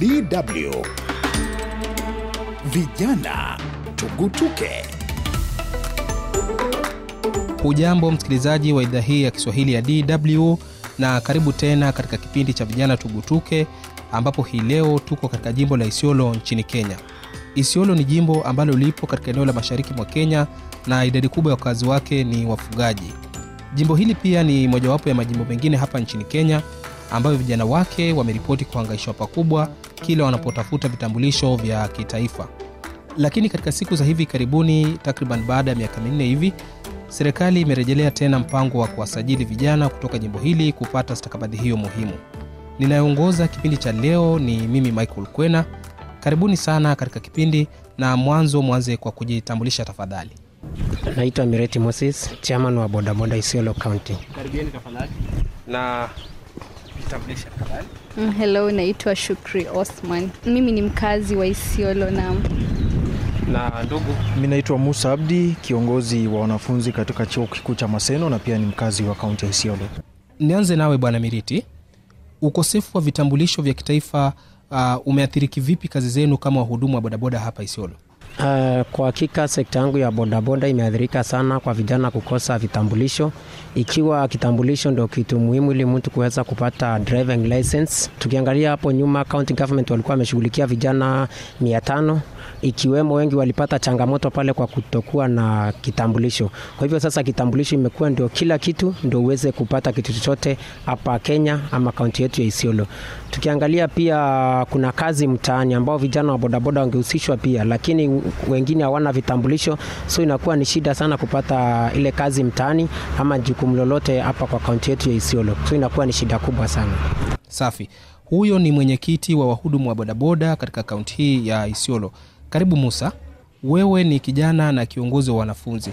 DW Vijana Tugutuke. Hujambo msikilizaji wa idhaa hii ya Kiswahili ya DW na karibu tena katika kipindi cha Vijana Tugutuke, ambapo hii leo tuko katika jimbo la Isiolo nchini Kenya. Isiolo ni jimbo ambalo lipo katika eneo la mashariki mwa Kenya na idadi kubwa ya wakazi wake ni wafugaji. Jimbo hili pia ni mojawapo ya majimbo mengine hapa nchini Kenya ambayo vijana wake wameripoti kuhangaishwa pakubwa kila wanapotafuta vitambulisho vya kitaifa. Lakini katika siku za hivi karibuni, takriban baada ya miaka minne hivi, serikali imerejelea tena mpango wa kuwasajili vijana kutoka jimbo hili kupata stakabadhi hiyo muhimu. ninayoongoza kipindi cha leo ni mimi Michael Kwena. Karibuni sana katika kipindi, na mwanzo mwanze kwa kujitambulisha tafadhali. Naitwa Mireti Moses, chairman wa bodaboda Isiolo County. Na Jitambulisha. Mm, hello, naitwa Shukri Osman. Mimi ni mkazi wa Isiolo na na ndugu, mimi naitwa Musa Abdi, kiongozi wa wanafunzi katika chuo kikuu cha Maseno na pia ni mkazi wa kaunti ya Isiolo. Nianze nawe Bwana Miriti, ukosefu wa vitambulisho vya kitaifa uh, umeathiriki vipi kazi zenu kama wahudumu wa bodaboda hapa Isiolo? Uh, kwa hakika sekta yangu ya bodaboda imeathirika sana kwa vijana kukosa vitambulisho, ikiwa kitambulisho ndio kitu muhimu ili mtu kuweza kupata driving license. Tukiangalia hapo nyuma, county government walikuwa wameshughulikia vijana mia tano ikiwemo wengi walipata changamoto pale kwa kutokuwa na kitambulisho. Kwa hivyo sasa kitambulisho imekuwa ndio kila kitu, ndio uweze kupata kitu chochote hapa Kenya ama kaunti yetu ya Isiolo. Tukiangalia pia kuna kazi mtaani ambao vijana wa bodaboda wangehusishwa pia, lakini wengine hawana vitambulisho, so inakuwa ni shida sana kupata ile kazi mtaani ama jukumu lolote hapa kwa kaunti yetu ya Isiolo, so inakuwa ni shida kubwa sana. Safi. Huyo ni mwenyekiti wa wahudumu wa bodaboda katika kaunti hii ya Isiolo. Karibu Musa, wewe ni kijana na kiongozi wa wanafunzi.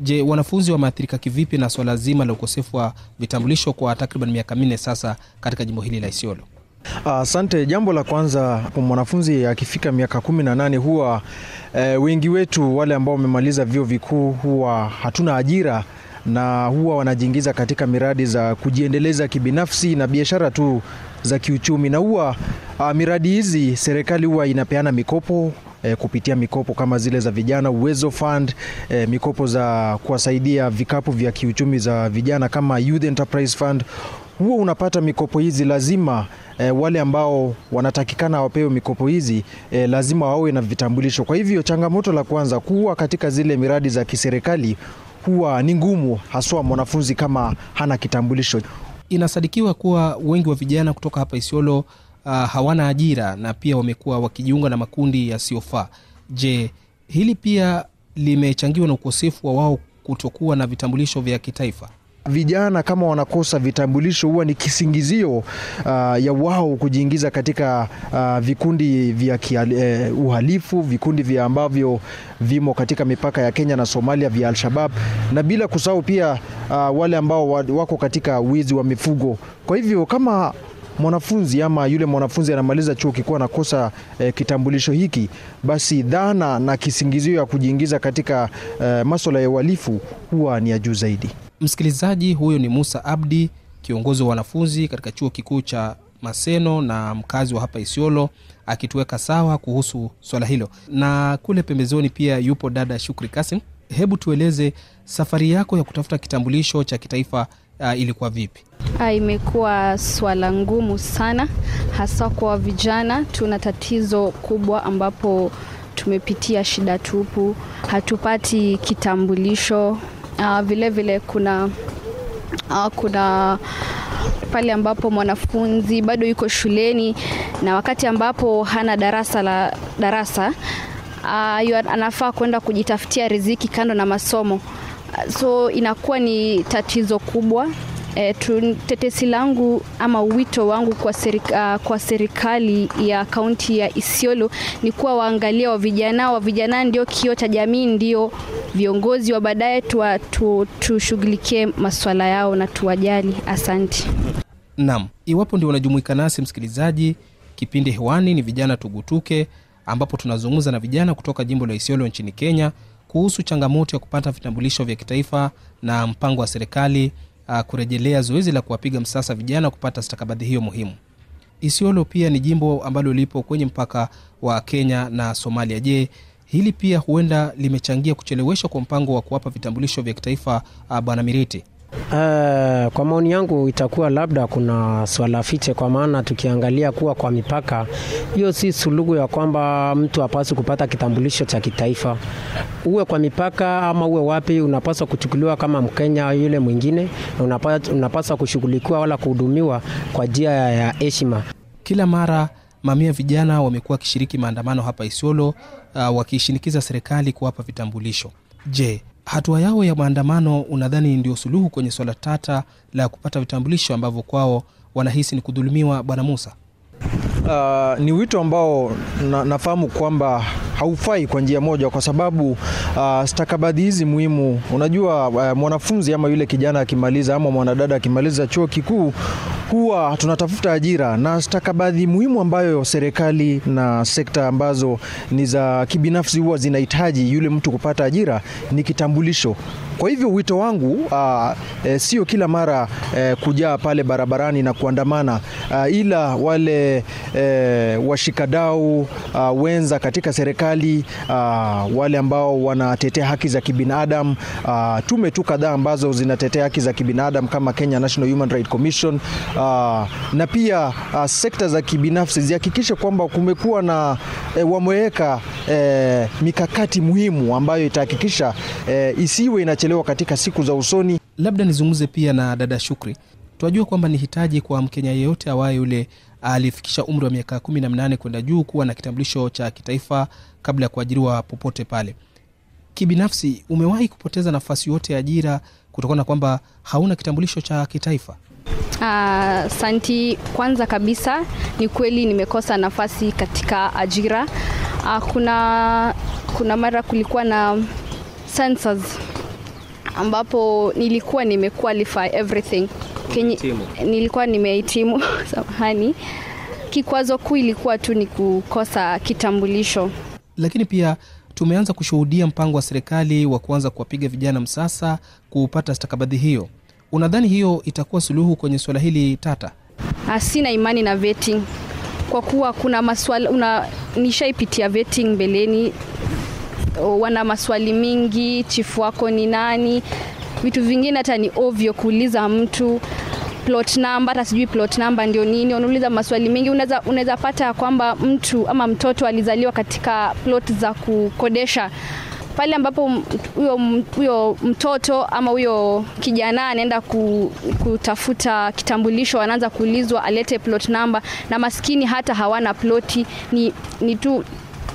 Je, wanafunzi wameathirika kivipi na swala zima la ukosefu wa vitambulisho kwa takriban miaka minne sasa katika jimbo hili la Isiolo? Asante. Jambo la kwanza, mwanafunzi akifika miaka kumi na nane huwa e, wengi wetu wale ambao wamemaliza vyuo vikuu huwa hatuna ajira na huwa wanajiingiza katika miradi za kujiendeleza kibinafsi na biashara tu za kiuchumi, na huwa a, ah, miradi hizi serikali huwa inapeana mikopo e, kupitia mikopo kama zile za vijana Uwezo Fund, e, mikopo za kuwasaidia vikapu vya kiuchumi za vijana kama Youth Enterprise Fund huwa unapata mikopo hizi lazima E, wale ambao wanatakikana wapewe mikopo hizi e, lazima wawe na vitambulisho. Kwa hivyo changamoto la kwanza kuwa katika zile miradi za kiserikali huwa ni ngumu, haswa mwanafunzi kama hana kitambulisho. Inasadikiwa kuwa wengi wa vijana kutoka hapa Isiolo uh, hawana ajira na pia wamekuwa wakijiunga na makundi yasiyofaa. Je, hili pia limechangiwa na ukosefu wa wao kutokuwa na vitambulisho vya kitaifa? vijana kama wanakosa vitambulisho huwa ni kisingizio uh, ya wao kujiingiza katika uh, vikundi vya uh, uhalifu, vikundi vya ambavyo vimo katika mipaka ya Kenya na Somalia vya alshabab na bila kusahau pia uh, wale ambao wako katika wizi wa mifugo. Kwa hivyo kama mwanafunzi ama yule mwanafunzi anamaliza chuo kikuu anakosa eh, kitambulisho hiki, basi dhana na kisingizio ya kujiingiza katika eh, masuala ya uhalifu huwa ni ya juu zaidi. Msikilizaji huyo ni Musa Abdi, kiongozi wa wanafunzi katika chuo kikuu cha Maseno na mkazi wa hapa Isiolo, akituweka sawa kuhusu swala hilo. Na kule pembezoni pia yupo dada Shukri Kasim. Hebu tueleze safari yako ya kutafuta kitambulisho cha kitaifa uh, ilikuwa vipi? Ha, ah, imekuwa swala ngumu sana, hasa kwa vijana. Tuna tatizo kubwa ambapo tumepitia shida tupu, hatupati kitambulisho uh, vile vile kuna uh, kuna pale ambapo mwanafunzi bado yuko shuleni na wakati ambapo hana darasa la darasa uh, anafaa kwenda kujitafutia riziki kando na masomo so inakuwa ni tatizo kubwa e, tetesi langu ama wito wangu kwa, serika, kwa serikali ya kaunti ya Isiolo ni kuwa waangalia wa vijana wa vijana ndio kio cha jamii ndio viongozi wa baadaye tushughulikie maswala yao na tuwajali. Asante. Naam, iwapo ndio unajumuika nasi msikilizaji, kipindi hewani ni vijana tugutuke, ambapo tunazungumza na vijana kutoka jimbo la Isiolo nchini Kenya kuhusu changamoto ya kupata vitambulisho vya kitaifa na mpango wa serikali uh, kurejelea zoezi la kuwapiga msasa vijana kupata stakabadhi hiyo muhimu. Isiolo pia ni jimbo ambalo lipo kwenye mpaka wa Kenya na Somalia. Je, Hili pia huenda limechangia kucheleweshwa kwa mpango wa kuwapa vitambulisho vya kitaifa uh, Bwana Miriti. Uh, kwa maoni yangu itakuwa labda kuna swala fiche, kwa maana tukiangalia kuwa kwa mipaka hiyo si suluhu ya kwamba mtu apaswi kupata kitambulisho cha kitaifa. Uwe kwa mipaka ama uwe wapi, unapaswa kuchukuliwa kama Mkenya yule mwingine, na unapaswa kushughulikiwa wala kuhudumiwa kwa njia ya heshima kila mara. Mamia vijana wamekuwa wakishiriki maandamano hapa Isiolo, uh, wakishinikiza serikali kuwapa vitambulisho. Je, hatua yao ya maandamano unadhani ndio suluhu kwenye swala tata la kupata vitambulisho ambavyo kwao wanahisi ni kudhulumiwa, Bwana Musa? Uh, ni wito ambao na, nafahamu kwamba haufai kwa njia moja, kwa sababu uh, stakabadhi hizi muhimu, unajua uh, mwanafunzi ama yule kijana akimaliza ama mwanadada akimaliza chuo kikuu huwa tunatafuta ajira na stakabadhi muhimu ambayo serikali na sekta ambazo ni za kibinafsi huwa zinahitaji yule mtu kupata ajira ni kitambulisho. Kwa hivyo wito wangu uh, e, sio kila mara e, kujaa pale barabarani na kuandamana uh, ila wale e, washikadau uh, wenza katika serikali uh, wale ambao wanatetea haki za kibinadamu tume tu kadhaa ambazo zinatetea haki za kibinadamu kama Kenya National Human Rights Commission uh, na pia uh, sekta za kibinafsi zihakikishe kwamba kumekuwa na e, wameweka e, mikakati muhimu ambayo itahakikisha e, isiwe inachelewa katika siku za usoni. Labda nizungumze pia na dada Shukri. Tunajua kwamba ni hitaji kwa Mkenya yeyote awaye yule alifikisha umri wa miaka kumi na minane kwenda juu kuwa na kitambulisho cha kitaifa kabla ya kuajiriwa popote pale. Kibinafsi, umewahi kupoteza nafasi yote ya ajira kutokana na kwamba hauna kitambulisho cha kitaifa? Asanti. Ah, uh, kwanza kabisa ni kweli nimekosa nafasi katika ajira. Uh, kuna, kuna mara kulikuwa na sensors ambapo nilikuwa nimequalify everything Kenye, nilikuwa nimehitimu samahani. Kikwazo kuu ilikuwa tu ni kukosa kitambulisho, lakini pia tumeanza kushuhudia mpango wa serikali wa kuanza kuwapiga vijana msasa kuupata stakabadhi hiyo. Unadhani hiyo itakuwa suluhu kwenye suala hili tata? Ah, sina imani na vetting kwa kuwa kuna maswali una, nishaipitia vetting mbeleni, wana maswali mingi, chifu wako ni nani, vitu vingine hata ni ovyo kuuliza mtu plot hata sijui plot ndio nini, wanauliza maswali mengi. Unaweza pata kwamba mtu ama mtoto alizaliwa katika plot za kukodesha pale ambapo huyo mtoto ama huyo kijana anaenda ku, kutafuta kitambulisho, anaanza kuulizwa alete plot number, na maskini hata hawana ploti, ni, ni tu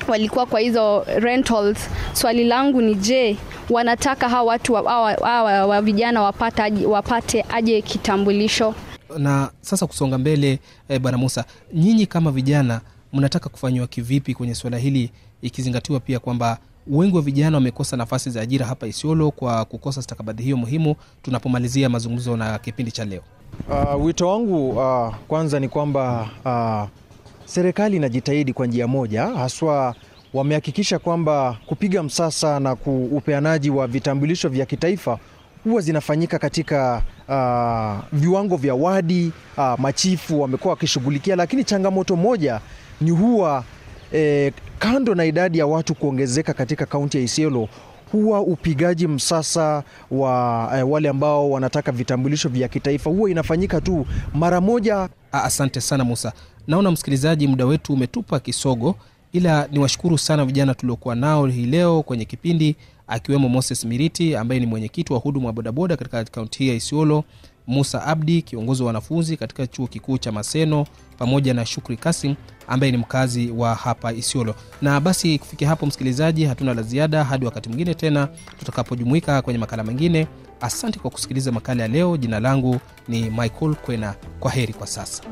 walikuwa kwa hizo rentals. Swali langu ni je, wanataka hawa watu hawa wa vijana wapate, wapate aje kitambulisho? Na sasa kusonga mbele eh, Bwana Musa, nyinyi kama vijana mnataka kufanywa kivipi kwenye suala hili, ikizingatiwa pia kwamba wengi wa vijana wamekosa nafasi za ajira hapa Isiolo kwa kukosa stakabadhi hiyo muhimu. Tunapomalizia mazungumzo na kipindi cha leo, uh, wito wangu uh, kwanza ni kwamba uh, serikali inajitahidi kwa njia moja, haswa wamehakikisha kwamba kupiga msasa na upeanaji wa vitambulisho vya kitaifa huwa zinafanyika katika uh, viwango vya wadi. Uh, machifu wamekuwa wakishughulikia, lakini changamoto moja ni huwa eh, kando na idadi ya watu kuongezeka katika kaunti ya Isiolo huwa upigaji msasa wa eh, wale ambao wanataka vitambulisho vya kitaifa huwa inafanyika tu mara moja. Ah, asante sana Musa. Naona msikilizaji, muda wetu umetupa kisogo, ila niwashukuru sana vijana tuliokuwa nao hii leo kwenye kipindi, akiwemo Moses Miriti ambaye ni mwenyekiti wa huduma wa bodaboda katika kaunti hii ya Isiolo, Musa Abdi, kiongozi wa wanafunzi katika chuo kikuu cha Maseno, pamoja na Shukri Kasim ambaye ni mkazi wa hapa Isiolo. Na basi kufikia hapo, msikilizaji, hatuna la ziada hadi wakati mwingine tena tutakapojumuika kwenye makala mengine. Asante kwa kusikiliza makala ya leo. Jina langu ni Michael Kwena. Kwa heri kwa sasa.